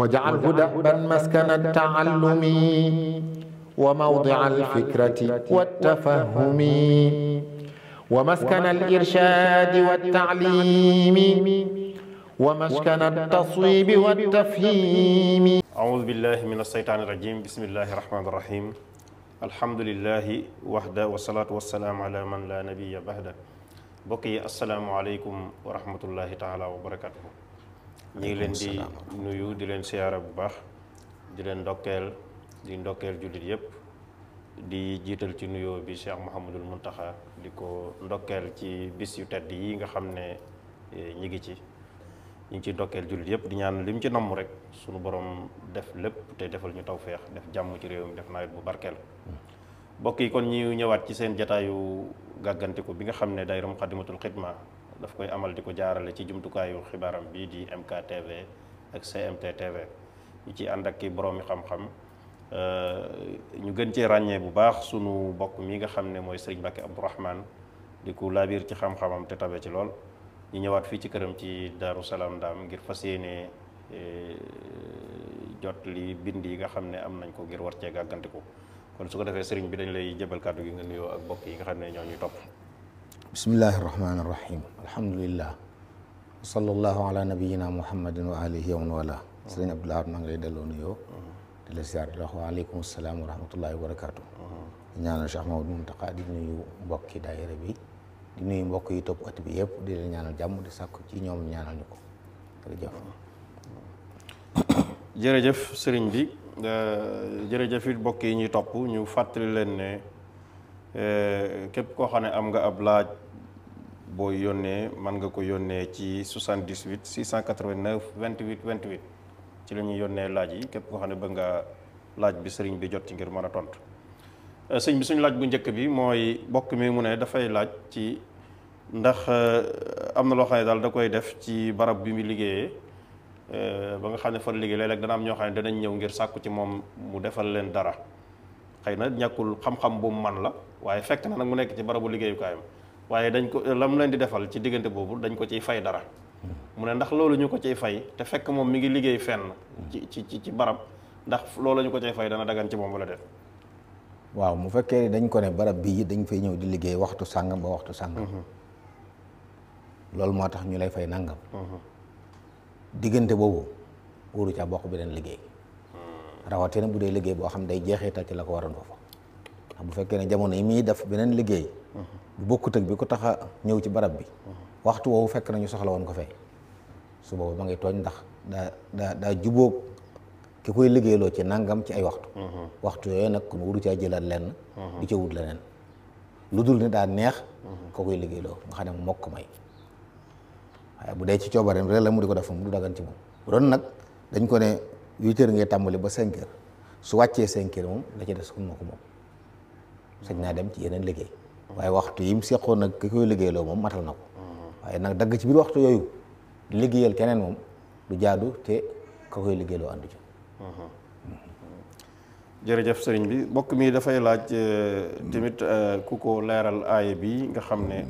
واجعله دأبا مسكن التعلم وموضع الفكرة والتفهم ومسكن الإرشاد والتعليم ومسكن التصويب والتفهيم أعوذ بالله من الشيطان الرجيم بسم الله الرحمن الرحيم الحمد لله وحده والصلاة والسلام على من لا نبي بعده بقي السلام عليكم ورحمة الله تعالى وبركاته ñu ngi leen di nuyu di leen siyaara bu baax di leen ndokkeel di ndokkeel jullit yépp di jiital ci nuyoo bi Cheikh Mouhamadul Muntaxa di ko ndokkeel ci bis yu tedd yi nga xam ne eh, ñi ngi ci ñu ci ndokkeel jullit yépp di ñaan lim ci namm rek sunu borom def lépp te defal ñu tawféex def jàmm ci réew mi def nawet bu barkeel hmm. mbokk yi kon ñu ñëwaat ci seen jataayu gàggantiku bi nga xam ne daayira Muxaddamatul Xidma daf koy amal di ko jaarale ci jumtukaayu xibaaram bii di MKTV ak GMT TV ci ànd ak i boroomi xam-xam euh, ñu gën cee ràññee bu baax sunu mbokk mii nga xam ne mooy sëriñ Mbacke Abdou Rahman di ku laabiir ci xam-xamam te tabe ci lool ñu ñëwaat fii ci këram ci Daaru Salaam Ndaam ngir fas yéene euh, jot li bind yi nga xam ne am nañ ko ngir war cee ko kon su ko defee sëriñ bi dañ lay jëbal kàddu gi nga nuyoo ak bokk yi nga xam ne ñoo ñuy topp. bismillahi irrahmani irrahim alhamdulilah wasalallaahu wa alihi wa man wala sëriñ abdoulahat maa ngi lay delloo nuyoo di la siyaar di wax waaleykum salaam wa rahmatullahi wa barakaatu di ñaanal Cheikh Mamadou Muntaqa di nuyu mbokki daayira bi di nuyu mbokk yi topp at bi yëpp di la jàmm di sàkku ci ñoom ñaanal ñu ko jërëjëf jërëjëf bi jërëjëf it mbokk yi ñuy topp ñu fàttali leen ne Euh, képp koo xam ne am nga ab laaj boo yónnee mën nga ko yónnee ci 78 689 28 28 ci la ñuy yónnee laaj yi képp koo xam ne bëgg nga laaj bi sëriñ bi jot ci ngir mën a tontu euh, sëñ bi suñu laaj bu njëkk bi mooy bokk mi mu ne dafay laaj ci ndax euh, am na loo xam ne daal da koy def ci barab bi mu liggéeyee ba nga xam ne fa liggéey léeg dana am ñoo xam ne danañ ñëw ngir sàkku ci moom mu defal leen dara. xëy na ñàkkul xam-xam bu mu man la waaye fekk na nag mu nekk ci barabu liggéeyu liggéeyukaayam waaye dañ ko lam leen di defal ci diggante boobu dañ ko ciy fay dara mu ne ndax loolu ñu ko ciy fay te fekk moom mi ngi liggéey fenn ci ci ci barab ndax loolu ñu ko ciy fay dana dagan ci moom wala def waaw mu fekkee dañ ko ne barab bi dañ fay ñëw di liggéey waxtu sàngam ba waxtu sàngam mhm. loolu moo tax ñu lay fay nangam mhm. diggante boobu wóoru caa bokk bi beneen liggéey rawatina bu dee liggéey boo xam day jeexeetal ci la ko waroon foofu bu fekkee ne jamono yi muy def beneen liggéey bu bokkut ak bi ko tax a ñëw ci barab bi waxtu woowu fekk nañu soxla woon ko fay su boobu ba ngay tooñ ndax daa daa daa jubóog ki koy liggéeyloo ci nangam ci ay waxtu waxtu yooyu nag kon wuru caa jëlaat lenn di ca wut leneen lu dul ne daa neex ko koy liggéeyloo nga xam ne mu mokk may waaye bu dee ci coobareem rek la mu di ko def mu du ci ko huit heures ngay tàmbali ba cinq su wàccee cinq moom la ci des xamuma ko moom sañ naa dem ci yeneen liggéey waaye waxtu yi mu seqoon nag ki koy liggéeyloo moom matal na ko waaye nag dagg ci waxtu yooyu liggéeyal keneen moom du jaadu te ka koy liggéeyloo àndu jërëjëf sëriñ bi mbokk mi dafay laaj eh, tamit eh, ku ko aaya bi nga xam ne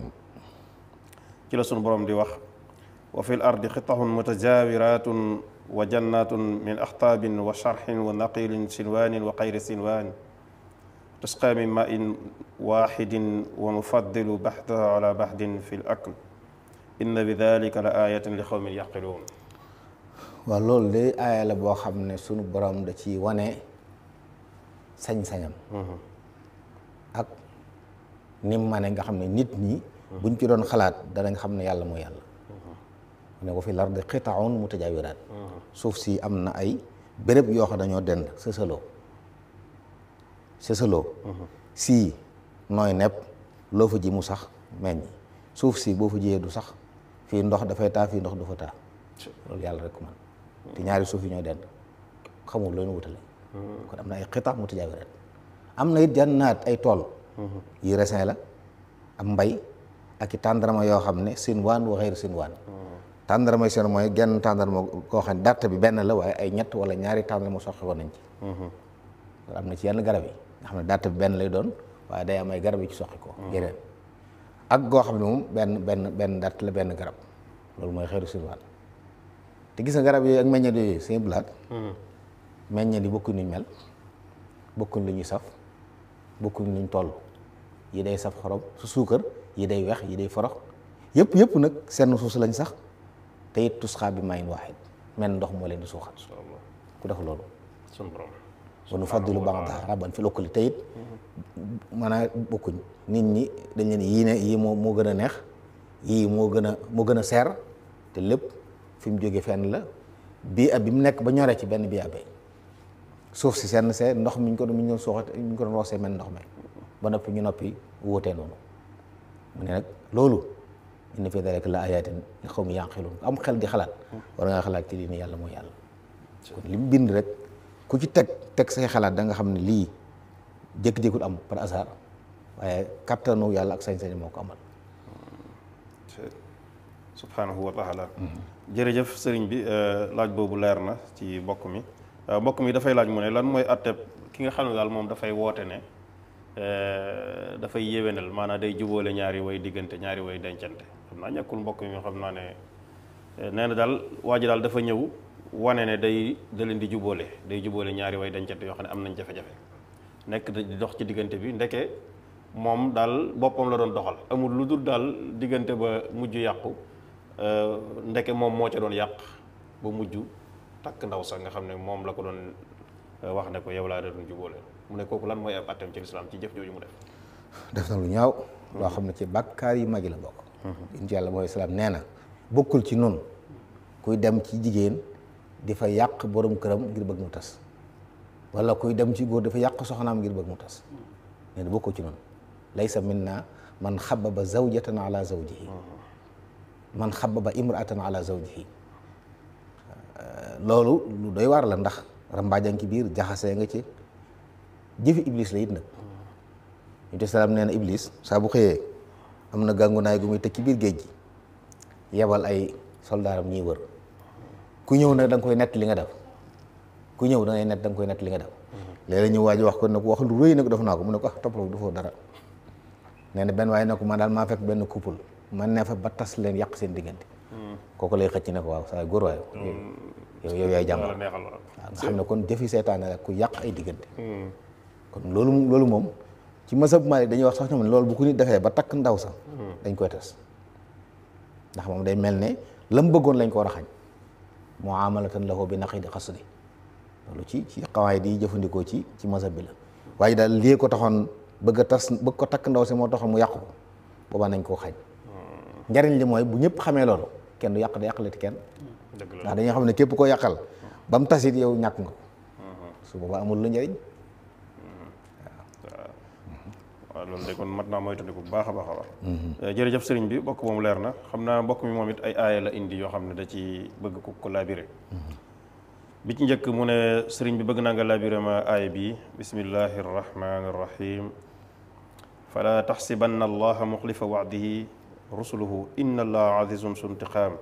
ci la sunu borom di wax wa fil ardi qita'un mutajawiratun wa jannatun min axtaabin wa charxin wa naqilin silwaanin wa xayri silwaan tusqa min main waaxidin wa nufaddilu baxdaha ala baxdin fi l akl bi dalika la ayatin li xawmin yaqiluun waaw loolu day aaya la boo xam ne sunu boroom da ci wane sañ-sañam mhm. ak nim nga xam ne nit ñi mhm. buñ ci doon xalaat danañ xam ne yàlla mooy yàlla mhm. ne wa fi lardi qita'un mutajawiraat suuf si am na ay béréb yoo xam dañoo dend sësaloo sësaloo sii nooy nepp loo fa ji mu sax meññ suuf si boo fa jiyee du sax fii ndox dafay taa fii ndox du fa taa loolu yàlla rek man te ñaari suuf yi ñoo dend xamul loolu wutale kon am na ay xita mu tajaawirat am na it jannaat ay tool yi resin la am mbay ak i tàndarama yoo xam ne sinwaan wa xeyr sinwaan tàndarmay seen mooy genn tàndarma koo xam ne date bi benn la waaye ay ñett wala ñaari tàndarma soxla woon nañ ci. Mhm. am na ci yenn garab yi nga xam ne date bi benn lay doon waaye day am ay garab yu ci soxla ko. Mhm. yeneen ak ne benn benn benn date la benn garab loolu mooy xeeru sirwaan te gis nga garab yooyu ak meññeet yooyu seen blaat. Mhm. meññeet yi bokkuñ luñ mel bokkuñ lu ñuy saf bokkuñ luñ toll yi day saf xorom su suukar yi day weex yi day forox yëpp yëpp nag seen suuf lañ sax. te it tusxaa bi maayin waaxid mel ndox moo leen di suuxat ku def loolu wa nufaddilu ba'dahaa 'alaa ba'din fil ukli te it mm-hmm. maanaam bokkuñ nit ñi dañ leen yii ne yii moo moo gën a neex yii moo gën a moo gën a seer te lépp fi mu jógee fenn la bi ab bi mu nekk ba ñoree ci benn bii ab suuf si seen see ndox mi ñu ko mi ñu doon suuxat mi ñu ko doon roosee mel ndox mi ba noppi ñu noppi wuutee noonu mu ne nag loolu inna fi daalika la ayaatin li am xel di xalaat war ngaa yàlla mooy yàlla li mu bind rek ku ci teg teg say xalaat da xam ne lii jékki-jékkul waaye kattanu yàlla ak sañ moo ko amal subhaanahu wa taala sëriñ bi euh, laaj boobu leer na ci mbokk mi euh, mbokk mi dafay laaj mu ne lan mooy atteb ki nga xam ne daal moom dafay woote ne euh, dafay yéwénal maanaam day jubóole ñaari way diggante ñaari way dencante xam naa ñàkkul mbokk yi xam naa ne eh, nee na daal waa ji daal dafa ñëw wane ne day daleen di jubóole day jubóole ñaari way dencante yoo xam ne am nañ jafe-jafe nekk di dox ci diggante bi ndeke moom daal boppam la doon doxal amul lu dul daal diggante ba mujj yàqu eh, ndeke moom moo ca doon yàq ba mujj takk ndaw sax nga xam ne moom la ko doon eh, wax ne ko yow laa doon jubóole mu ne kooku lan mooy ab attem ci lislaam ci jëf jooju mu def def na lu ñaaw loo xam ne ci bàkkaar yi magi la bokk yonent yàlla mooy salaam nee na bokkul ci noonu kuy dem ci jigéen di fa yàq boroom këram ngir bëgg mu tas walla kuy dem ci góor dafa yàq soxnaam ngir bëgg mu tas nee na bokkul ci nun laysa minna man xababa zawjatan ala zawjihi man xababa imraatan ala zawjihi loolu lu doy waar la ndax rambaajan ki biir jaxasee nga ci jëfi iblis la it nag ñu te salaam nee na iblis saa bu xëyee am na gàngunaay gu muy tëj ci biir géej gi yebal ay soldaaram ñuy wër ku ñëw nag da koy nett li nga def ku ñëw da ngay nett da koy nett li nga def mhm. léeg-léeg ñu waaj wax ko ne ko wax lu rëy na def naa ko mu ne ko ah toppaloo defoo dara nee na benn waaye ne ko man daal maa fekk benn couple man ne fa ba tas leen yàq seen diggante mhm. kooku lay xëcc ne ko waaw saa góor waaye mhm. yow yow yaay jàmba waaw nga xam ne kon jëfi seetaan la ku yàq ay diggante kon loolu loolu moom ci masab Maalik dañuy wax sax ne loolu bu ko nit defee ba takk ndaw sax dañ koy tas ndax moom day mel ne la mu bëggoon lañ ko war a xañ muamalatan lahu bi yi naqidi xasdi loolu ci ci xawaay di jëfandikoo ci ci masab bi la waaye daal lii ko taxoon bëgg tas bëgg ko takk ndaw si moo taxoon mu yàqu ko boobaa nañ koo xañ njariñ li mooy bu ñëpp xamee loolu kenn du yàq da yàqalati kenn ndax dañoo xam ne képp ko yàqal ba mu tasit yow ñàkk nga ko su boobaa waaw loolu de kon mat naa moytandiku bu baax a baax a baax mhm. euh, jërëjëf sëriñ bi bokk moom leer na xam naa bokk mi moom it ay aaya la indi yoo xam ne da ci bëgg ko labiré mhm. bi ci njëkk mu ne sëriñ bi bëgg naa nga labiré ma aaya bi bismillahi rahmani rahim fala taxsibanna allaha muxlifa wa'dihi rusuluhu inna allaha azizun suntiqaam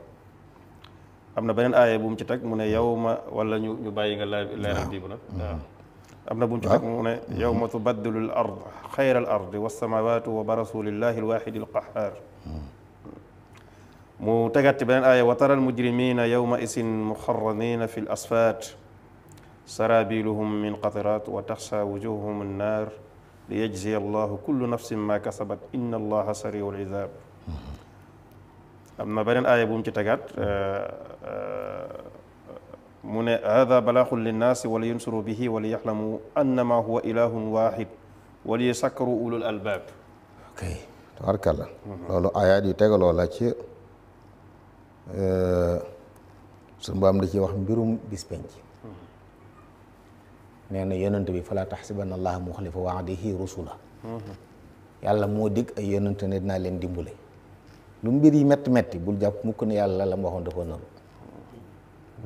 am na beneen aaya bu ci teg mu ne yow ma wala ñu ñu bàyyi nga la leeral bii nag am na buntu nag mu ne mhm. yowma tubaddalu l ard xayra al ardi wassamawatu wa barasu lillahi alwaxidi alqaxaar mhm. mu tegaat ci beneen aaya wa tara almujrimina yowma isin muxarranina fi l asfaat sarabiluhum min qatiraat wa taxsa wujuhum annaar li yajziya allahu kullu nafsin ma kasabat inna allaha sariu lisab mhm. am na beneen aaya bu mu ci tegaat euh, euh, mu ne hada balaaxun linnaasi wala yunsuru bihi wala yaxlamu annama huwa ilahun waxid wala yasakkaru ulul albaab ok tabarkalla loolu ayaat yu tegaloo la ci eh, suñu baam da ci wax mbirum bis penc nee na yonent bi falaa taxsibanna allaha muxlifa waadihi rusula yàlla moo dikk a yonent ne dinaa leen dimbale lu mbir yi metti metti bul jàpp mukk ne yàlla la ma waxoon dafa naru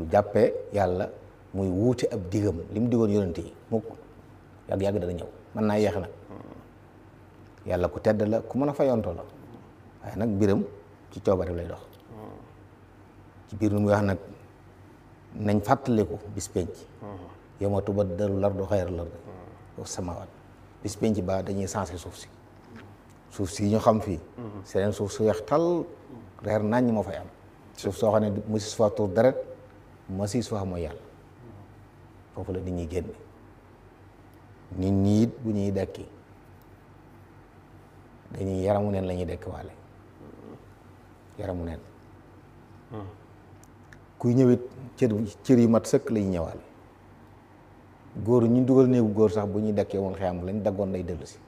jàppee yàlla muy wuute ab digam li mu digoon yonent yi mukk yàgg yàgg dana ñëw mën naa yeex na yàlla ku tedd la ku mën a fayonto la waaye nag mbiram ci coobare lay dox ci biir nu muy wax nag nañ fàttaliku bis penc yawma tubaddalu lardu xayra lardi wa samawaat bis penc ba dañuy sensé suuf si suuf si ñu xam fii mm-hmm. seen suuf su weex tal reer nañ moo fay am suuf soo xam ne mosi faa tuur deret masis fa mooy yàlla foofu la nit ñuy génn nit ñi bu ñuy dekki dañuy yaramu neen lañuy ñuy dekk waale yaramu neen kuy ñëwit cër cër yu mat sëkk lañuy ñëwaale góor ñu dugal néegu góor sax bu ñuy dekkee woon xeyam lañ daggoon lay dellu si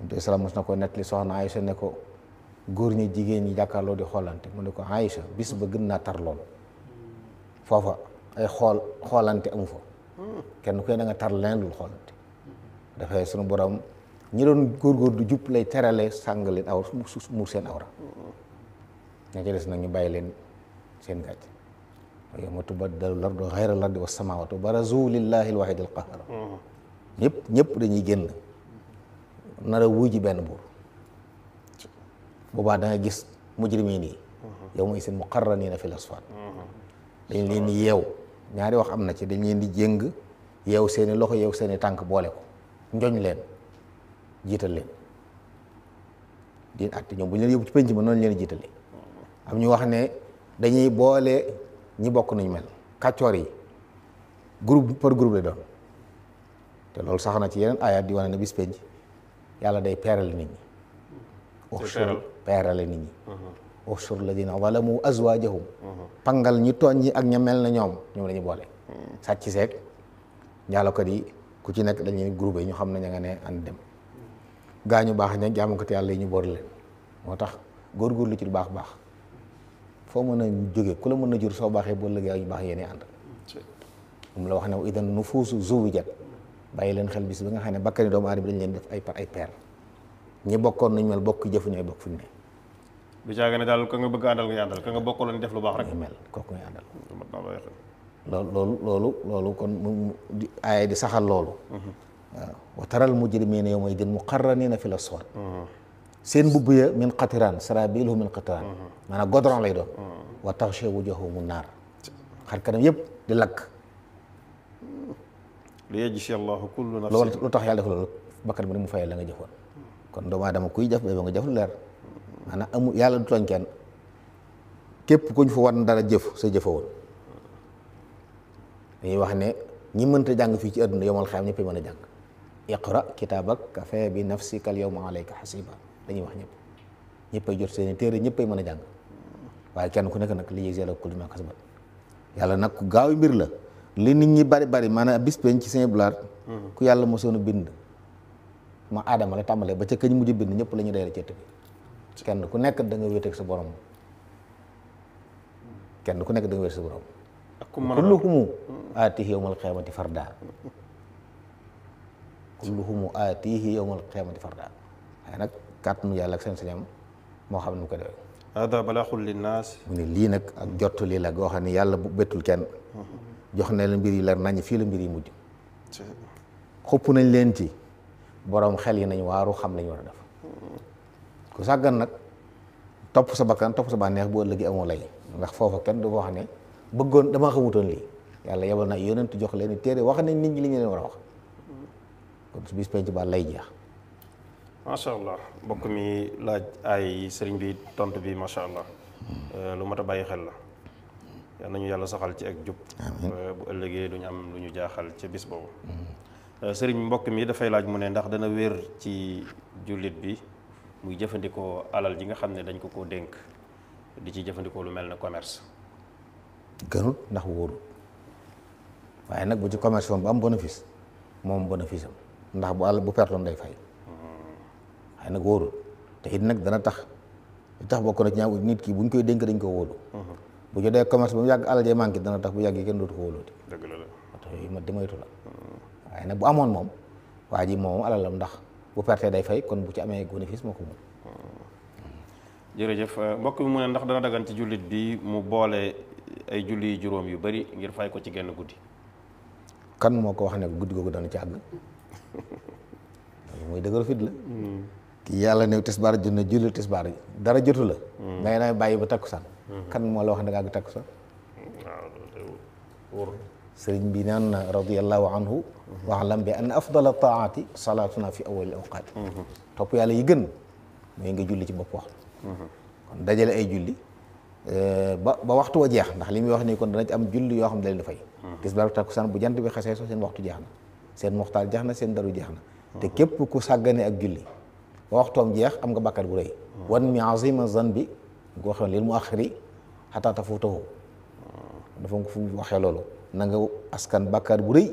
Yonent bi salaam mos na ko nettali soxna Aïcha ne ko góor ñi jigéen ñi jàkkaarloo di xoolante mu ne ko Aïcha bis ba gën naa tar lool foofa ay xool xoolante amu fa kenn koy da nga tar leen dul xoolante dafay sunu borom ñi doon góorgóor du jub lay terale sàng leen awra muur seen awra ña ca des nag ñu bàyyi leen seen gàcc wa yawma tubaddalu lardu xayra lardi wa samawatu barazu lillahi alwahid alqahar ñëpp ñëpp dañuy génn nar a wuy ji benn buur boobaa da gis mujrimiin yi yow mooy seen muqarraniina fil asfaat dañ leen yeew ñaari wax am na ci dañ leen di jëng yeew seeni loxo yeew seeni tànk boole ko njoñ leen jiital leen diin àtte ñoom bu ñu leen yóbbu ci penc ma noonu leen jiitale am ñu wax ne dañuy boole ñi bokk nañu mel kàccoor yi groupe par groupe la doon te loolu sax na ci yeneen ayaat di wane ne bis penc yàlla day peerale nit ñi. peerale nit ñi. wasur ladina zalamu azwajahum pangal ñu tooñ ñi ak ña mel na ñoom ñoom la ñu boole sàcc seeg njaalokat yi ku ci nekk dañuy groupé ñu xam ne ña nga ne and dem gaa ñu baax ña jaamukat yàlla yi ñu boor leen moo tax góor góor lu ci lu baax baax foo mën a jóge ku la mën na jur soo baaxee boo lëgee ak ñu baax yéene ànd moom la wax ne idan nufuusu zuwijat bàyyi leen xel bis bi nga xam ne bakkani doomu aadama dañ leen def ay par ay paire ñi bokkoon nañ mel bokk jëfu ñooy bokk du caaga ne daal ka nga bëgg àndal ngay àndal ka nga bokkaloon def lu baax rek. mel kooku ngay àndal. loolu loolu loolu kon mu di aaya di saxal loolu. Mhm. waaw wa taral mujrimiina yawma idin muqarraniina fil asfar mhm. seen mbubb ya min qatiran saraabiluhum min qatiran. Mhm. maanaam godron lay doon. wa taxsha wujuuhahumu naar. xar kanam yëpp di lakk. liyajzi Allaahu kulla nafsin lu tax yàlla def loolu bakkan bi ni mu fay la nga jëfoon. kon doomu aadama kuy jëf ba nga jëf lu leer. maanaam amul yàlla du tooñ kenn képp ku ñu fa wan dara jëf sa jëfa woon dañuy wax ne ñi mënta jàng fii ci àdduna yomal xam ñëpp mën a jàng iqra kitaabak kafa bi nafsikal dañuy wax ñëpp ñëpp ay jot seeni téere ñëpp ay mën a jàng waaye kenn ku nekk nag li yëg ku li ma kasabat yàlla ku mbir la nit ñi bari bari maanaam bis peñ ci seen blaat hmm. ku yàlla mosoon a bind ma aadama la tàmbalee ba ca kañ mujj bind ñëpp la ñu dayal cëtt bi kenn ku nekk da nga wéeteeg sa borom kenn ku nekk da nga wéeteeg sa borom. kulluhumu aatihi yawmal qiyaamati farda kulluhumu aatihi yawmal qiyaamati farda nag kàttanu yàlla ak seen sañam moo xam ne mu ko defee. hada balaaxul linnaas mu ne lii nag ak jot lii la goo xam ne yàlla bu bettul kenn jox na la mbir yi leer nañ fii la mbir yi mujj xupp nañ leen ci boroom xel yi nañ waaru xam lañ war a def ku sàggan nag topp sa bakkan topp sa bànneex bu ëllëgee amoo lay ndax foofu kenn du wax ne bëggoon dama xamutoon lii yàlla yebal na yonent jox leen téere wax nañ nit ñi li ñu leen war a wax kon su bis penc ba lay jeex. macha allah mbokk mi laaj ay sëriñ bi tontu bi macha allah euh, lu mat a bàyyi xel la yal nañu yàlla soxal ci ak jub euh, bu ëllëgee duñu am lu ñu jaaxal ci bis boobu mm-hmm. euh, sëriñ mbokk mi dafay laaj mu ne ndax dana wér ci jullit bi muy jëfandikoo alal ji nga xam ne dañ ko koo dénk di ci jëfandikoo lu mel ne commerce. gënul ndax wóorul waaye nag bu ci commerce woon mu am bénéfice moom bénéfice am ndax bu àll bu pertoon day fay hmm. waaye nag wóorul te nag dana tax li tax na ci ñaaw nit ki buñ koy dénk dañ ko wóolu. Hmm. bu jotee commerce ba mu yàgg alal jee manqué dana tax bu yàgg yi kenn ko wóolooti. dëgg la hmm. waaye nag bu amoon moom waa ji moom alalam ndax. bu pertee day fay kon bu ci amee bénéfice moo ko moom. Hmm. jërëjëf euh, mbokk mi mu ne ndax dana dagan ci jullit bi mu boole ay julli juróom yu bari ngir fay ko ci genn guddi. kan moo ko wax ne guddi ko dana ci àgg. Hmm. mooy dëgëru fit la. Hmm. kii yàlla ne tisbaar na julli tisbaar yi dara jotu la. ngay naa bàyyi ba takkusaan. kan moo la wax ne da ngaa àgg takkusaan. waaw sëriñ bi naan radiallahu anhu waalam bi ann afdala taati salaatuna fi awali awqaati topp yàlla yi gën mooy nga julli ci bopp wax kon dajale ay julli eh, ba ba waxtu jeex ndax li muy wax nii kon dana ci am julli yoo xam ne da leen di fay bu jant bi xasee seen waxtu jeex na seen moxtaar jeex na seen daru jeex na te képp ku sàggane ak julli ba waxtoom jeex am nga bàkkaar bu rëy wan mi azima zan bi nga ko waxee lil mu axiri xataa tafuutahu dafa nga waxee loolu nanga askan bakkaar bu rëy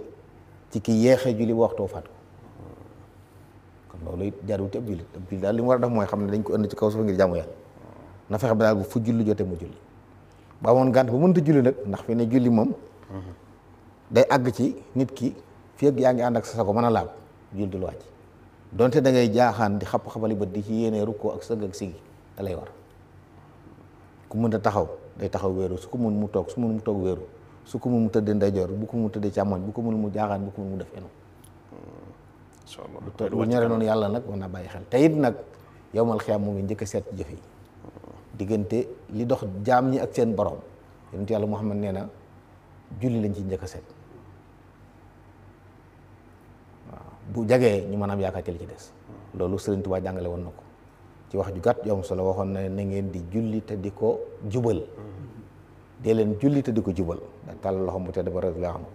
ci ki yeexee julli ba waxtoo faat ko kon loolu it jaarul ci ab jullit ab jullit daal li mu war a def mooy xam ne dañ ko ënd ci kaw suuf ngir jaamu na fexe ba daal bu fu julli jotee mu julli ba amoon gànt ba nag ndax fi ne julli àgg ci nit ki fi ak yaa ngi ànd ak sa sago mën a laab julli du lu wàcc donte da ngay jaaxaan di xap-xapali bët di ci yéenee rukkoo ak sëgg ak sigi da lay war ku mënta taxaw day taxaw weeru su ko mën mu toog su mën mu toog wéeru su ko mun mu tëddee ndeyjoor bu ko mu tëddee càmmoñ bu ko mun mu jaaxaan bu ko mu def eno lu ñore noonu yàlla nag war naa bàyyi xel teyit nag yowmal xiyaam mu ngi njëkk a seet jëfe yi diggante li dox jaam ñi ak seen borom yonent yàlla Muhammad nee na julli lañ ci njëkk a seet waaw bu jegee ñu mën am yaakaar ci ci des loolu Sëriñ Tuubaa jàngale woon na ko ci wax ju gàtt yom solo waxoon na na ngeen di julli te di ko jubal dee leen julli di ko jubal ndax tàll loxo mu tedd ba radiyallaahu anhu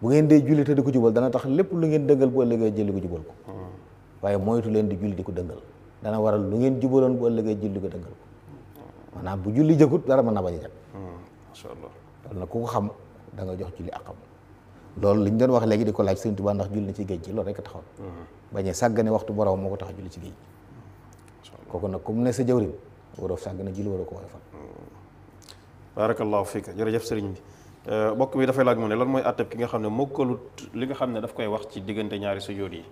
bu ngeen dee julli te di ko jubal dana tax lépp lu ngeen dëngal bu ëllëgee jëli ko jubal ko hmm. waaye moytu leen di julli di ko dëngal dana waral lu ngeen jubaloon bu ëllëgee julli ko dëngal ko hmm. bu julli jëkut dara mën na bañ a jag hmm. nag ku xam da nga jox julli akam loolu li ñu doon wax léegi di ko laaj Sëñ Tuubaa ndax julli na ci géej gi loolu rek taxoon bañ a sàggane waxtu borom moo tax julli ci géej kooku nag comme ne sa jawrin waroo sàggane julli waroo ko woyofal baarakallaahu fiik jërëjëf sëriñ bi euh, mbokk bi dafay laaj mu ne lan mooy àttab ki nga xam ne mokkalut li nga xam ne daf koy wax ci diggante ñaari sujjóot yi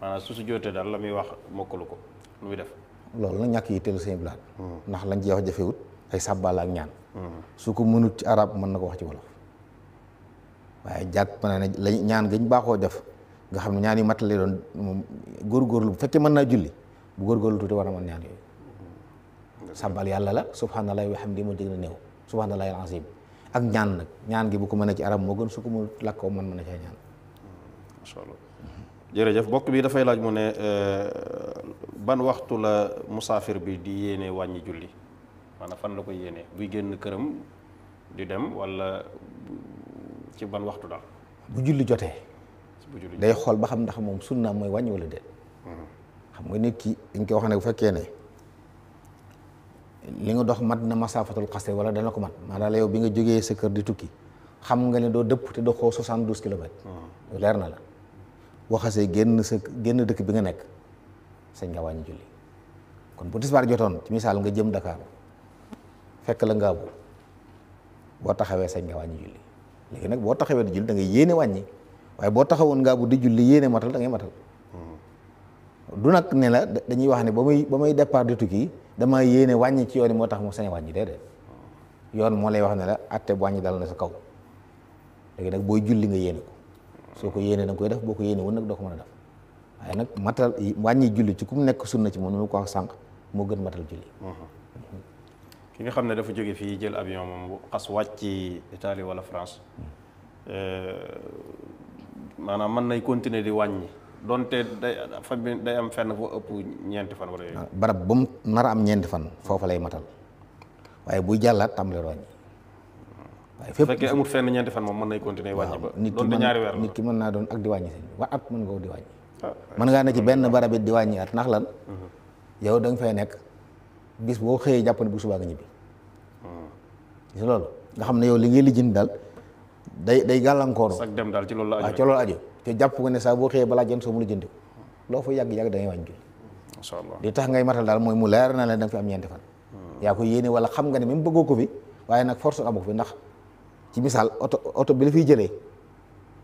maanaam su sujjóotee daal la muy wax mokkalu ko lu def loolu nag ñàkk yi teel sëñ bi laat hmm. ndax lañ ci wax jafewut ay sàbbaal ak ñaan hmm. su ko mënut ci arab mën na ko wax ci wolof waaye jàpp na ne la ñaan gañ baaxoo def nga xam ne ñaan yu mat lay doon moom góorgóorlu bu fekkee mën naa julli bu góorgóorlu tuuti war a mën ñaan yooyu hmm. sàbbal yàlla la subhaanallaahi wa hamdi moo jëg na néew subhaanallaahi la aziim ak ñaan nag ñaan gi bu ko mënee ci arab moo gën su ko mu lakkoo man mën a cee ñaan. macha allah jërëjëf mbokk bi dafay laaj mu ne euh, ban waxtu la musaafir bi di yéene wàññi julli maanaam fan la ko yéene buy génn këram di dem wala ci ban waxtu daal. bu julli jotee. bu day xool ba xam ndax moom sunna mooy wàññi wala déet. Mhm. xam nga nit dañ koy wax ne bu fekkee ne. li nga dox mat na masaafatul xasri wala dana ko mat maa daal yow bi nga jógee sa kër di tukki xam nga ne doo dëpp te doxoo soixante-douze kilomètres ah. leer na la boo xasee génn sa génn dëkk bi nga nekk sañ nga wàññi julli kon bu tisbaar jotoon ci misaal nga jëm Dakar fekk la ngaabu boo taxawee sañ nga wàññi julli léegi nag boo taxawee di julli da ngay yéene wàññi waaye boo taxawoon ngaabu di julli yéene matal da ngay matal hmm. du nag ne la dañuy wax ne ba muy ba muy départ dama yéene wàññi ci yoon yi moo tax mu sañ wàññi déedéet yoon moo lay wax ne la atte bu wàññi dal na sa kaw léegi nag booy julli nga yéene ko soo ko yéene da koy def boo ko yéene woon nag doo ko mën a def waaye nag matal wàññi julli ci ku mu nekk sunna ci moom ni ma ko ak sànq moo gën matal julli ki nga xam ne dafa jóge fii jël abion moom bu xas wàcc ci Italie wala France hmm. euh, maanaam man nay continuer di wàññi donte day fan bi day am fenn foo ëpp ñeenti fan wala yooyu. Ah, barab bu mu nar am ñeenti fan foofa lay matal waaye buy jàllaat tàmbali wàññi. waaye fépp fekkee moom mën nay continuer wàññi ba donte ñaari weer nit ki mën naa doon ak di wàññi seen wa at mën nga ko di wàññi. Ah. mën ngaa ne ci benn barab di wàññi at ndax lan. Mhm. yow danga nga nekk bis boo xëyee jàpp ne bu subaa nga ñibbi. Hmm. gis loolu nga xam ne yow li ngay lijjanti daal day day gàllankoor. sax dem daal ci loolu la aju. te jàpp nga ne saa boo xëyee balaa jant soo mën a jënd loo fa yàgg-yàgg da ngay wàññi julli li tax ngay matal daal mooy mu leer na la da nga fi am ñeenti fan hmm. yaa ko yéene wala xam nga ne même bëggoo ko fi waaye nag force amu ko fi ndax ci misaal oto oto bi la fiy jëlee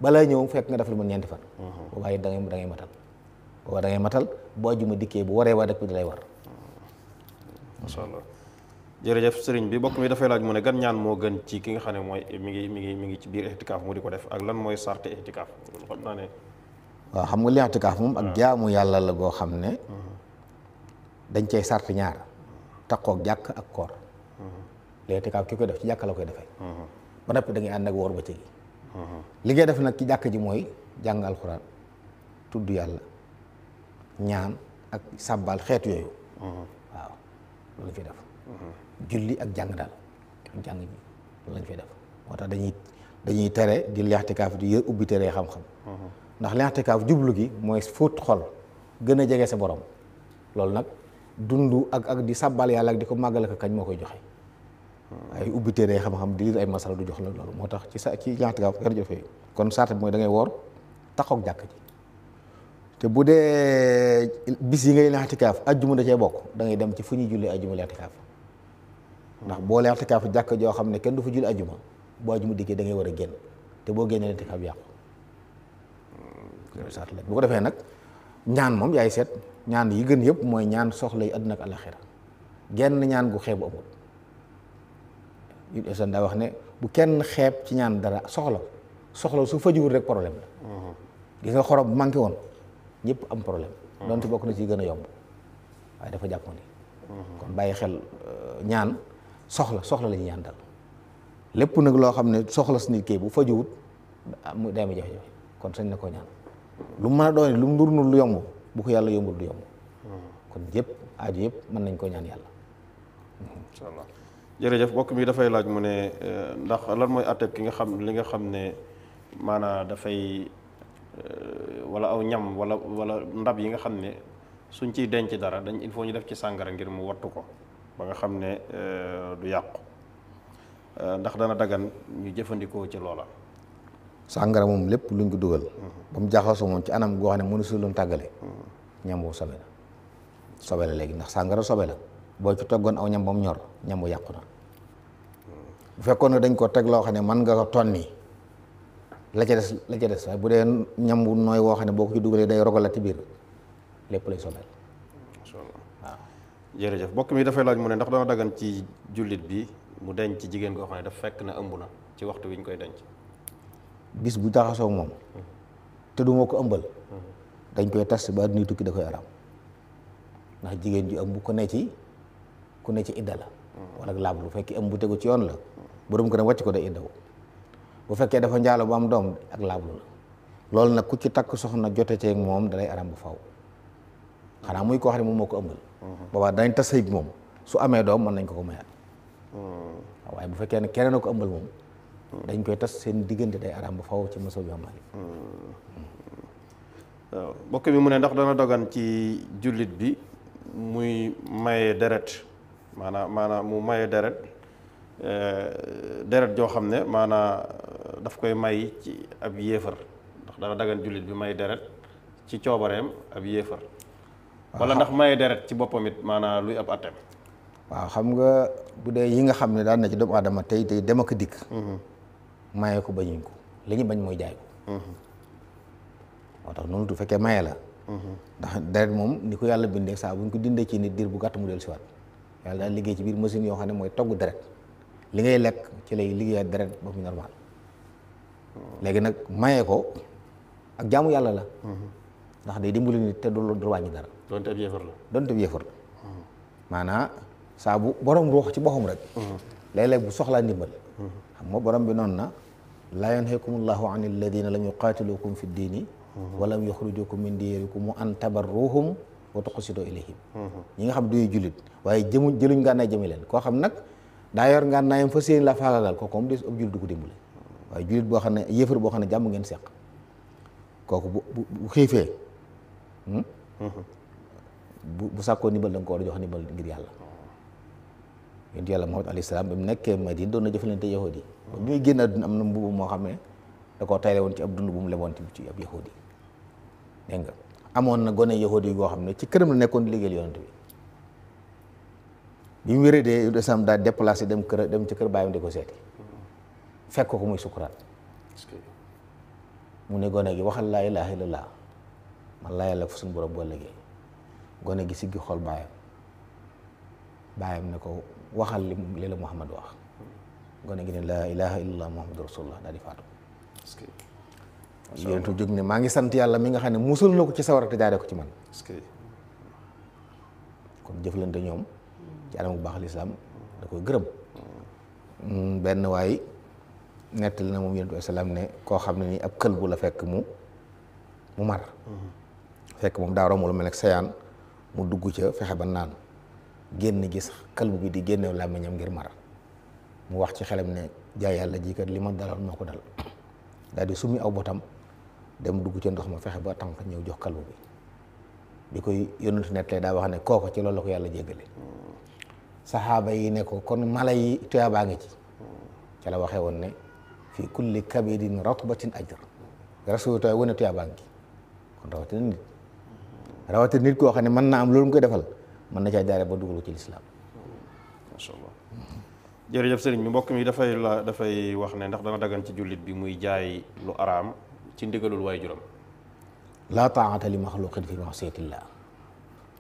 balaa ñëw fekk nga def lu mën ñeenti fan hmm. waaye da ngay da ngay matal boobaa da matal boo ajuma dikkee bu waree waa dëkk bi da lay war hmm. jërëjëf sëriñ bi bokk mi dafay laaj mu ne gën ñaan moo gën ci ki nga xam ne mooy mi ngi mi ngi mi ngi ci biir itikaaf mu di ko def ak lan mooy sarte itikaaf xam naa waaw xam nga li itikaaf moom ak ah. jaamu yàlla la goo xam ne mm-hmm. dañ cey sart ñaar takkoog jàkk ak koor mm-hmm. li itikaaf ki koy def ci jàkk la koy defee mm-hmm. ba noppi dangay ànd ak wor ba cëgi li ngay def nag ci jàkk ji mooy jàng alxuraan tudd yàlla ñaan ak sàbbaal xeet yooyu waaw fi def julli ak jàng daal ak jàng bi lañ fay def moo tax dañuy dañuy tere di lextikaaf di yër ubbi tere xam-xam ndax lextikaaf jublu gi mooy fóot xol gën a jege sa borom loolu nag dund ak ak di sàbbal yàlla ak di ko màggale ak kañ moo koy joxe ay ubbi téere xam-xam di liir ay masala du jox la loolu moo tax ci sa ci lextikaaf jërëjëf kon sart bi mooy da ngay woor taxoog jàkk ji te bu dee bis yi ngay lextikaaf ajjuma da cee bokk da ngay dem ci fu ñuy julli ajjuma lextikaaf ndax boo leen itikaaf jàkk joo xam ne kenn du fa jul ajuma boo ajuma dikkee da ngay war a génn te boo génnee itikaaf yàqu bu ko defee nag ñaan moom yaay seet ñaan yi gën yëpp mooy ñaan soxla yi àdduna ak ñaan gu xeebu amul Ibn Sina wax ne bu kenn xeeb ci ñaan dara soxla soxla su fajuwul rek problème la mhm. gis xorom bu manqué woon ñëpp am problème mhm. donte bokk na ci gën a yomb waaye dafa jàppandi mhm. kon bàyyi xel euh, ñaan soxla soxla la ñuy yàndal lépp nag loo xam ne soxla su nit kii bu fajuwut ah, mu day ma jafe-jafe kon sañ na koo ñaan lu mu mën a doon lu mu nur nur lu yomb bu ko yàlla yombul du yomb kon yëpp aaju yëpp mën nañ koo ñaan yàlla incha allah jërëjëf mbokk mi dafay laaj mu ne eh, ndax lan mooy atteb ki nga xam li nga xam ne maanaa dafay eh, wala aw ñam wala wala ndab yi nga xam ne suñ ciy denc dara dañ il faut ñu def ci sàngara ngir mu wattu ko ba nga xam ne euh, du yàqu euh, ndax dana dagan ñu jëfandikoo ci loola sàngara moom lépp luñ ko dugal mm-hmm. ba mu jaxasoo moom ci anam goo xam ne mënu si loon tàggale mm-hmm. ñam wu sobe la sobe la léegi ndax sàngara sobe la boo ci toggoon aw ñam ba mu ñor ñam wu yàqu na mm-hmm. bu fekkoon ne dañ ko teg loo xam ne mën nga ton nii la ca des la ca des waaye bu dee ñam wu nooy woo xam ne boo ko ci dugalee day rogal la ci biir lépp lay sobeel jërëjëf mbokk mi dafay laaj mu ne ndax dana dagan ci jullit bi mu denc jigéen koo xam ne dafa fekk na ëmb na ci waxtu wi ñu koy denc. bis bu jaxasoo moom. Hmm. te du moo ko ëmbal. Hmm. dañ koy tas ba nuy tukki da koy araam ndax jigéen ju ëmb ko ne ci ku ne ci idda la. Hmm. wala laab lu bu tegu ci yoon la. borom këram wàcc ko day iddaw bu fekkee dafa njaalo bu am doom ak laablu la loolu nag ku ci takk soxna jote ceeg moom dalay araam bu faw xanaa muy koo xam ne moom moo ko ëmbal. boobaa dañ tas sëy moom su amee doom mën nañ koo ko mayaat hmm. waaye bu fekkee ne keneen a ko ëmbal moom dañ koy tas seen diggante day araam ba faw ci moso bi amaali waaw mbokk mu ne ndax dana dogan ci jullit bi muy maye deret maanaa maanaam mu maye deret eh, deret joo xam ne maanaa eh, daf koy may ci ab yéefar ndax dana dagan jullit bi may deret ci coobareem ab yéefar wala ndax maye deret ci boppam it maanaa luy ab attem waaw xam nga bu dee yi nga xam ne daan na ci doomu adama tey tey dem ak dikk mhm. maye ko bañuñ ko li ñu bañ mooy jaay ko mhm. moo tax noonu tu fekkee maye la mhm. ndax deret moom ni ko yàlla bindee saa buñ ko dindee ci nit diir bu gàtt mu del siwaat yàlla daal liggéey ci biir machine yoo xam ne mooy togg deret li ngay lekk ci lay liggéeyaat deret ba mi normal léegi nag maye ko ak jaamu yàlla la ndax day dimbali nit te du du wàññi dara. donte bi yëfar la donte bi yëfar la. Hmm. maanaam saa bu borom ruux ci boppam rek. Hmm. léeg-léeg bu soxlaa ndimbal. Hmm. xam nga borom bi noonu na. laa yanhaakumullahu an alladina lam yuqaatilukum fi ddiini. wa lam yuxrijukum min diyarikum an tabarruhum wa tuqsitu ilayhim ñi nga xam duy jullit waaye jëmu jëluñ ngànnaay jëmi leen koo xam nag daa yor ngànnaayam fa séen la faagagal ko comme des ab jullit du ko dimbale waaye jullit boo xam ne yéefar boo xam ne jàmm ngeen seq kooku bu bu xiifee Hmm? Mhm. bu bu sàkkoo ndimbal da nga ko war a jox ndimbal ngir yàlla yonent yàlla Muhammad alayhi salaam ba mu nekkee Madina doon na jëflante yahud yi ba bi muy génn àdduna am na mbubu moo xam ne da koo tayle woon ci ab dund bu mu leboon ci ab yahud yi dégg nga amoon na gone yahud yi goo xam ne ci këram la nekkoon di liggéeyal yonent bi bi mu wéree dee desam daal déplacé dem kër dem ci kër baayam di ko seeti fekk ko muy sukuraat mu ne gone gi waxal laa ilaaha illallaah man layal la ko suñu borom boo léegi gone gi siggi xool baayam baayam ne ko waxal li li la Muhammad wax gone gi ne laa ilaha illallah muhammadu rasulullah daal di faatu yéen tu jóg ne maa ngi sant yàlla mi nga xam ne musul na ko ci sawar te jaaree ko ci man kon jëflante ñoom ci anam bu baax lislaam da koy gërëm hmm, benn waay nettali na moom yéen tu salaam ne koo xam ne nii ab kël bu la fekk mu mu mar hmm. fekk moom daa romb lu mel ne mu dugg ca fexe ba naan génn gis kalbu bi di génnew làmmiñam ngir mar mu wax ci xelam ne jaay yàlla ji li ma daloon moo ko dal daal di summi aw botam dem dugg ca ndox ma fexe ba tànk ñëw jox kalbu bi bi koy yónnatu nettalee daa wax ne kooko ci loolu la ko yàlla jéggale saxaaba yi ne ko kon mala yi tuyaabaa ngi ci ca la waxee woon ne fii kulli kabidin ratbatin ajr rasul tuyaabaa ngi kon rawatina nit rawatina nit koo xam ne mën naa am loolu mu koy defal mën na caa jaare ba dugalu ci lislaam macha allah jërëjëf sëriñ bi mbokk mi dafay dafay wax ne ndax dana dagan ci jullit bi muy jaay lu araam ci ndigalul waajuram laa taa'ata li maxluqin fi ma'siyatillah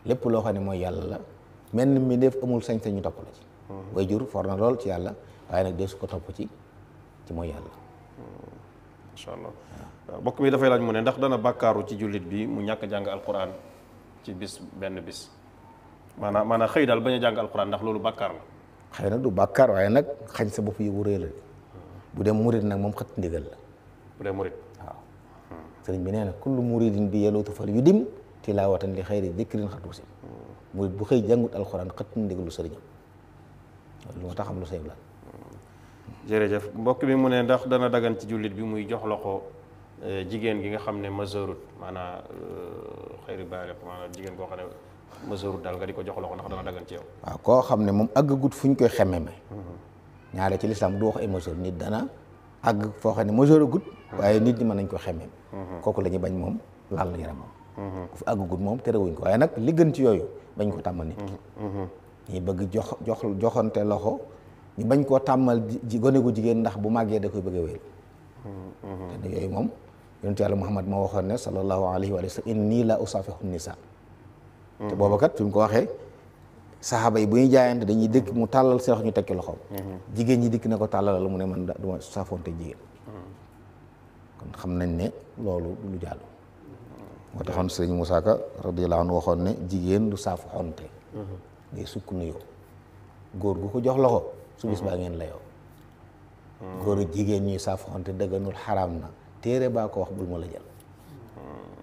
lépp loo xam ne mooy yàlla la menn mi def amul sañ ñu topp la ci hmm. waajur na lool ci yàlla waaye nag dee ko topp ci ci mooy hmm. mi dafay laaj mu ne ndax dana bàkkaaru ci jullit bi mu ñàkk jàng alquran ci bis benn bis maanaam maanaam xëy daal bañ a jàng alxuraan ndax loolu bàkkaar la. xëy na du bàkkaar waaye nag xañ sa bopp yëgu rëy la bu dee murit nag moom xët ndigal la. bu dee murit waaw. sëriñ bi nee na kullu muridin bi yelootu fal yu dim tilaawatan li xayri dikrin xatu si murit bu xëy jàngut alxuraan xët ndigalu sëriñam lu ma tax am lu say la. jërëjëf mbokk bi mu ne ndax dana dagan ci jullit bi muy jox loxo Euh, jigéen gi nga xam ne majeurut maanaam euh, xëyri baale maanaam jigéen koo xam ne majeurut daal nga di ko jox loxo ndax dana dagan ci yow. waaw koo xam ne moom àggagut fu ñu koy xememe. Mhm. ñaare ci lislaam du wax ay majeur nit dana àgg foo xam ne majeur gut waaye nit ñi mën nañ ko xememe. Mhm. kooku la bañ moom laal yaramam. Mhm. ku fi àggagut moom terewuñ ko waaye nag li gën ci yooyu bañ ko tàmmal nit ki. ñuy bëgg jox jox joxante loxo ñu bañ koo tàmmal ji gone gu jigéen ndax bu màggee da koy bëgg a wéyal. moom. yonent yàlla Muhammad moo waxoon ne sallallahu alayhi wa sallam inni la usafihu nisa te booba kat fi mu ko waxee saxaaba yi bu ñuy jaayante dañuy dikk mu tàllal seen ñu tekki loxoom jigéen ñi dikk na ko tàllalal mu ne man du ma saafoonte jigéen kon xam nañ ne loolu lu jàllu moo taxoon sëriñ Moussa Ka radiyallahu anhu waxoon ne jigéen du saafu xonte ngay sukk nuyoo góor gu ko jox loxo su bis baa ngeen layoo góor jigéen ñuy saafu xonte dëgganul xaraam na téere baa ko wax bul ma la jël hmm.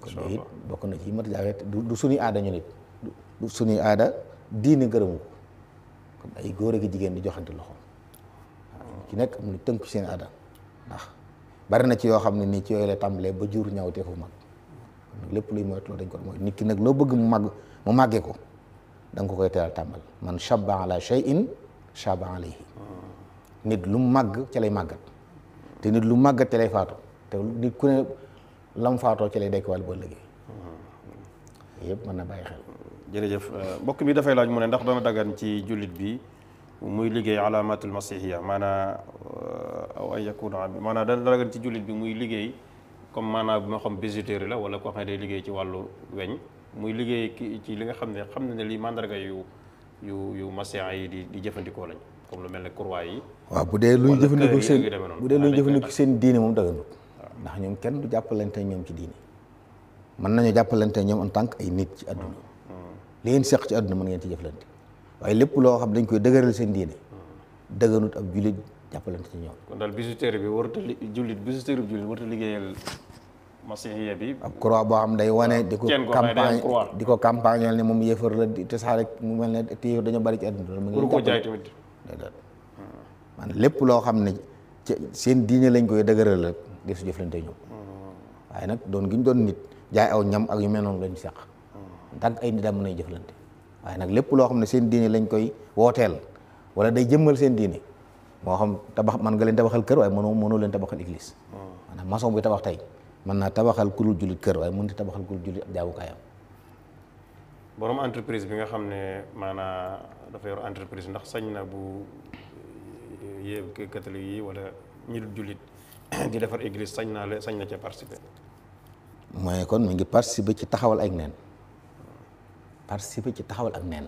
kon it bokk na ci mat jaawe du suñuy aada ñu nit du suñuy aada diini gërëmu ko ay góor ak jigéen di joxante loxo ci hmm. nekk am na seen aada ndax bari na ci yoo xam ne nii ci yooyu la tàmbalee ba jur ñawtee fu mag lépp luy moytu loolu ko mooy nit ki nag loo bëgg mu màgg mu màggee ko da ko koy teel a tàmbal man shabba ala shay'in shabba alayhi hmm. nit lu màgg ca lay màggat te nit lu màggat ca lay faatu te nit ku ne lam faatoo ci lay dekkiwaal ba léegi yëpp mën na bàyyi xel. jërëjëf euh, mbokk mi dafay laaj mu ne ndax dana dagan ci jullit bi muy liggéey alaamatul masihiya maanaa euh, aw ay yakuna maanaa dana ci jullit bi muy liggéey comme maanaa bu ma xam bijouterie la wala ko xam ne day liggéey ci wàllu weñ muy liggéey ci li nga xam ne xam na ne lii mandarga yu yu yu masiha yi di di jëfandikoo lañ comme lu mel ne croix yi. waaw bu dee lu ñu jëfandikoo seen bu dee lu seen diine moom daganut ndax ñoom kenn du jàppalante ñoom ci diine mën nañu jàppalante ñoom en tant que ay nit ci àdduna mm. li ngeen seq ci àdduna mun ngeen ci jëflante waaye lépp loo xam dañ koy dëgëral seen diine mm. dëgganut ab jullit jàppalante ci ñoom. kon daal bi warut a jullit visiteur bi jullit warut a bi. ab croix boo xam day wane. di ko campagne di ko campagne ne moom yëfër la te sax rek mu mel ne te dañoo bari ci àdduna loolu. mu ngi ko jaay tamit. maanaam lépp loo xam ne seen diine lañ koy dëgëral rek. def su jëflante ñoom waaye nag doon gi ñu doon nit jaay aw ñam ak yu mel noonu lañ seq ndax ay nit daa mën a jëflante waaye nag lépp loo xam ne seen diine lañ koy wooteel wala day jëmmal seen diine moo xam tabax mën nga leen tabaxal kër waaye mënoo mënoo leen tabaxal église maanaam maçon bi tabax tey mën naa tabaxal ku dul jullit kër waaye mënut a tabaxal ku dul jullit ab jaabukaayam borom entreprise bi nga xam ne maanaa dafa yor entreprise ndax sañ na bu yéeb catholique yi wala ñi jullit di defar église sañ naa sañ na ca participer. mooy kon mu ngi participer ci taxawal ak neen participer ci taxawal ak neen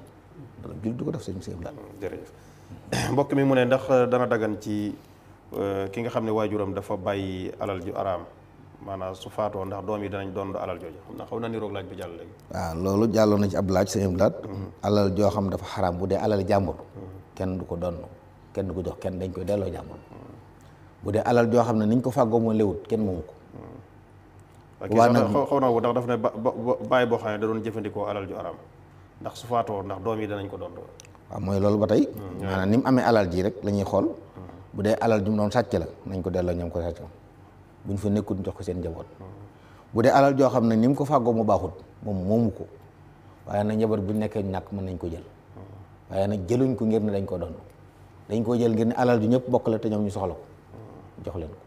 loolu ko def sëñ Sëñ Abdou. Mm, jërëjëf mbokk mi mu ne ndax dana dagan ci euh, ki nga xam ne waajuram dafa bàyyi alal ju araam maanaam su faatoo ndax doom yi danañ doon alal jooju xam naa xaw na niroog laaj bu jàll léegi. waaw loolu jàlloon na ci ab laaj Sëñ Abdou. Mm-hmm. alal joo xam dafa xaraam bu dee alal jàmbur. Mm-hmm. kenn du ko doon kenn du ko jox kenn dañ koy delloo jàmbur. Mm-hmm. bu dee alal joo xam ne niñ ko fàggoo moo léwut kenn moomu ko. waaw nag xaw naa ko daf ne ba bàyyi boo xam ne da doon jëfandikoo alal ju araam ndax su faatoo ndax doom yi danañ ko doon. waaw mooy loolu ba tey. Hmm, maanaam ni mu amee alal ji rek la ñuy xool. bu dee alal ju mu doon sàcc nañ ko delloo ñoom ko sàccoon bu fa nekkul jox ko seen njaboot. bu dee alal joo xam ne ni mu ko fàggoo mu baaxut moom moomu ko waaye nag njaboot bu nekkee ñàkk mën nañ ko jël. Hmm. waaye nag jëluñ ko ngir ne dañ ko doon dañ ko jël ngir ne alal ju ñëpp bokk la te ñoom ñu soxla ko jox leen ko.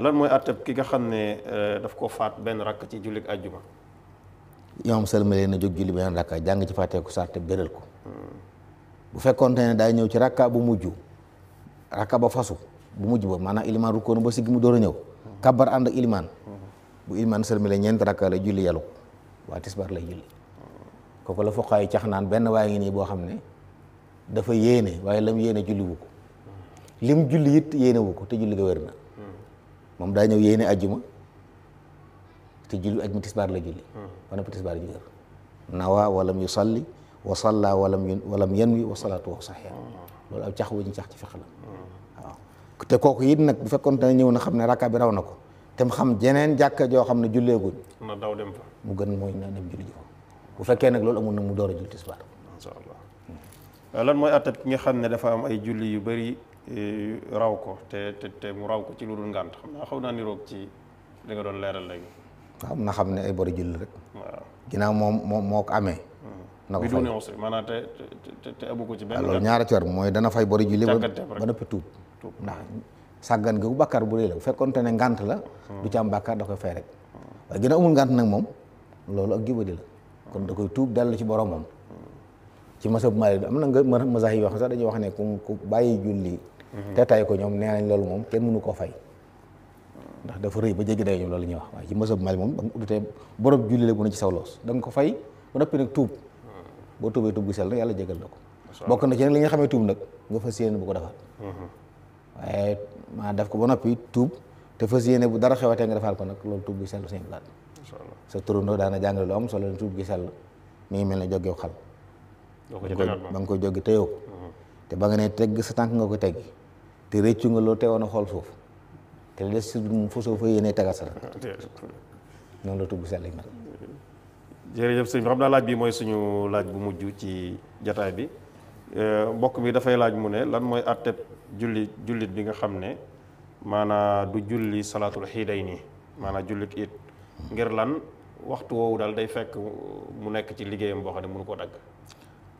lan mooy àtteb ki nga xam ne euh, daf koo faat benn rakk ci jullit àjjuma. ñoom sëlmalee na jóg julli benn rakka jàng ci fàtteeku saar te béral ko. Hmm. bu fekkoonte ne daay ñëw ci rakka bu mujj rakka ba fasu bu mujj ba maanaa ilimaan rukkoon ba siggi mu door a ñëw. Hmm. kabar ànd ak ilimaan. Hmm. bu ilimaan sëlmalee ñeent rakka la julli yàlla ko waa tisbaar la foqaay cax naan benn waaye ngi nii boo xam ne dafa yéene waaye la mu yéene julli ko lim julli it yéene ko te julli ga wér moom daa ñëw yéene ajjuma te julli ajjuma tisbaar la julli hmm. ba noppi tisbaar ji wér nawa walam yu salli wa salla walam walam yanwi aw hmm. cax cax ci fiq hmm. kooku it nag bu fekkoon te ñëw na xam ne rakka raw na ko te mu xam jeneen jàkka joo xam ne julleeguñ na daw dem mu gën mooy na dem julli ji ko bu fekkee nag loolu amul nag mu door a julli tisbaar insha lan mooy àttab nga xam ne dafa am ay julli yu bari raw ko te te te mu raw ko ci lu dul ngànt xam naa xaw naa niroog ci li doon leeral léegi. waaw na xam ne ay bori julli rek. waaw ginnaaw moom moom moo ko amee. Hmm. na ko fay bidon ko ci benn. alors ah, ñaari cër mooy dana fay bori julli. ba noppi tuub ndax sàggan gi bu bàkkaar bu rëy bu fekkonte ne ngànt la. Hmm. du ci am bàkkaar da koy fay rek. Hmm. waaye ginnaaw nag moom loolu ak jubadi la. kon da koy tuub dellu ci moom ci masab Maalik am na nga masax yi wax sax dañuy wax ne ku bàyyi julli. te tay ko ñoom nee nañ loolu moom kenn mënu koo fay ndax dafa rëy ba jéggi day ñoom loolu ñuy wax waaye ci mësab mal moom danga uddutee borom julli la bu ne da nga ko fay ba noppi nag boo tuubee tuub gu sell nag yàlla jégal na ko bokk na ci li nga xamee tuub nag nga fas yéene bu ko defaat waaye maa def ko ba noppi tuub te fas bu dara xewatee nga defaat ko nag loolu tuub gu sell seen laat sa turandoo daana jàngale lu am solo ne tuub gi sell mi ngi mel ne joggew xal ba nga koy joggi téyoo ko mm-hmm. te ba nga ne teg sa tànk nga ko teggi te réccu nga loo teewoon a xool suuf te li des si moom fosoo fa yéene tagal sa noonu la tubb sell gi nag jërëjëf sëñ bi naa laaj bi mooy suñu laaj bu mujj ci jataay bi euh, mbokk bi dafay laaj mu ne lan mooy àtteb julli jullit bi nga xam ne maanaa du julli salaatul xiiday nii maanaa jullit it ngir lan waxtu woowu daal day fekk mu nekk ci liggéeyam boo xam ne mënu ko dagg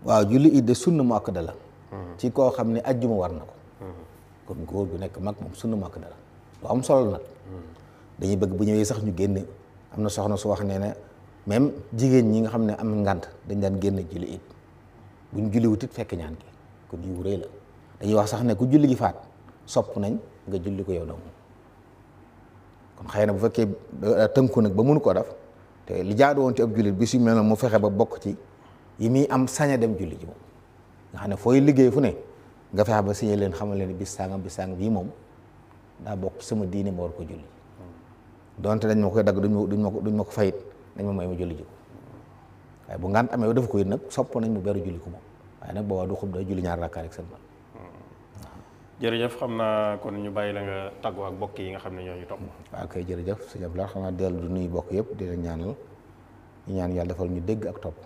waaw julli it de sunna mu akkada la hmm. ci koo xam ne ajjuma war na ko kon góor gu nekk mag moom sunna màkk dara lu am solo nag dañuy bëgg bu ñëwee sax ñu génne am na soxna su wax nee ne même jigéen ñi nga xam ne am ngànt dañ daan génn julli it buñ julliwut it fekk ñaan gi kon yiw la dañuy wax sax ne ku julli gi faat sopp nañ nga julli ko yow dong kon xëy na bu fekkee euh, tënku nag ba mënu koo def te li jaadu woon ci ab jullit bi su mel na mu fexe ba bokk ci yi muy am sañ dem julli ji moom nga xam ne foo liggéey fu ne nga fexe ba signé leen xamal leen bis sàngam bi sàngam bi moom daa bokk sama diini ma war ko julli donte dañ ma koy dagg duñ ma ma ko duñ ma ko fayit dañ ma may ma julli ji waaye bu ngant amee dafa ko yit nag sopp nañ mu beru julli ko moom waaye nag boobaa du xub day julli ñaar rakkaa rek seen hmm. jërëjëf xam naa kon ñu bàyyi la nga tàggoo ak bokk yi nga xam ne ñoo ñu topp. waaw kay jërëjëf sëñ Abdoulaye xam naa dellu du nuyu bokk yëpp di leen ñaanal ñu ñaan yàlla def ñu dégg ak topp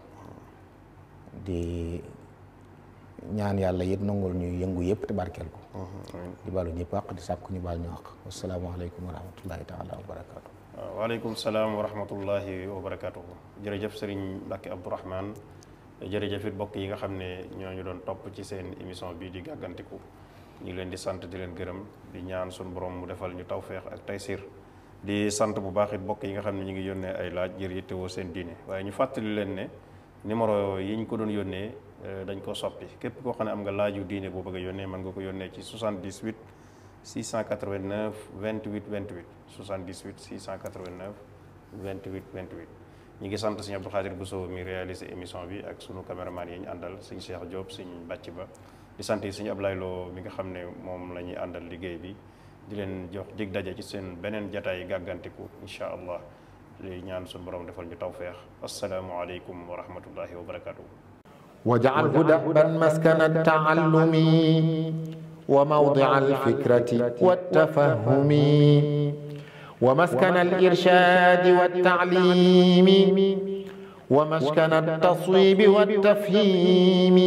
ñaan yàlla yit nangul ñu yëngu yëpp te barkeel ko mhm, di baalu ñëpp àq di sàkku ñu baal ñu àq wasalaamaaleykum wa rahmatullahi taala wa barakaatu waaleykum salaam wa rahmatullahi wa barakaatu jërëjëf sëriñ Mbàkke Abdourahmane jërëjëf it mbokk yi nga xam ne ñoo ñu doon topp ci seen émission bi di gàggantiku ñu ngi leen di sant di leen gërëm di ñaan suñu borom mu defal ñu tawféex ak taysiir di sant bu baax it mbokk yi nga xam ne ñu ngi yónnee ay laaj ngir yittewoo seen diine waaye ñu fàttali leen ne numéro yi ñu ko doon yónnee Euh, dañ ko soppi képp koo xam ne am nga laaju diine boo bëgg a yónnee mën nga ko yónnee ci 78 689 28 28 78 689 28 28 ñu ngi sant sëñ Abdou Khadir Bousso mi réalisé émission bi ak sunu caméraman yi ñu àndal sëñ Cheikh Diop sëñ Bàcc Ba di sant yi sëñ Ablaye Lo mi nga xam ne moom la ñuy àndal liggéey bi di leen jox dig daje ci seen beneen jataay gàggantiku incha allah li ñaan suñu borom defal ñu tawfeex asalaamualeykum wa rahmatullahi wa barakatuh واجعله دأبا مسكن التعلم وموضع الفكرة والتفهم ومسكن الإرشاد والتعليم ومسكن التصويب والتفهيم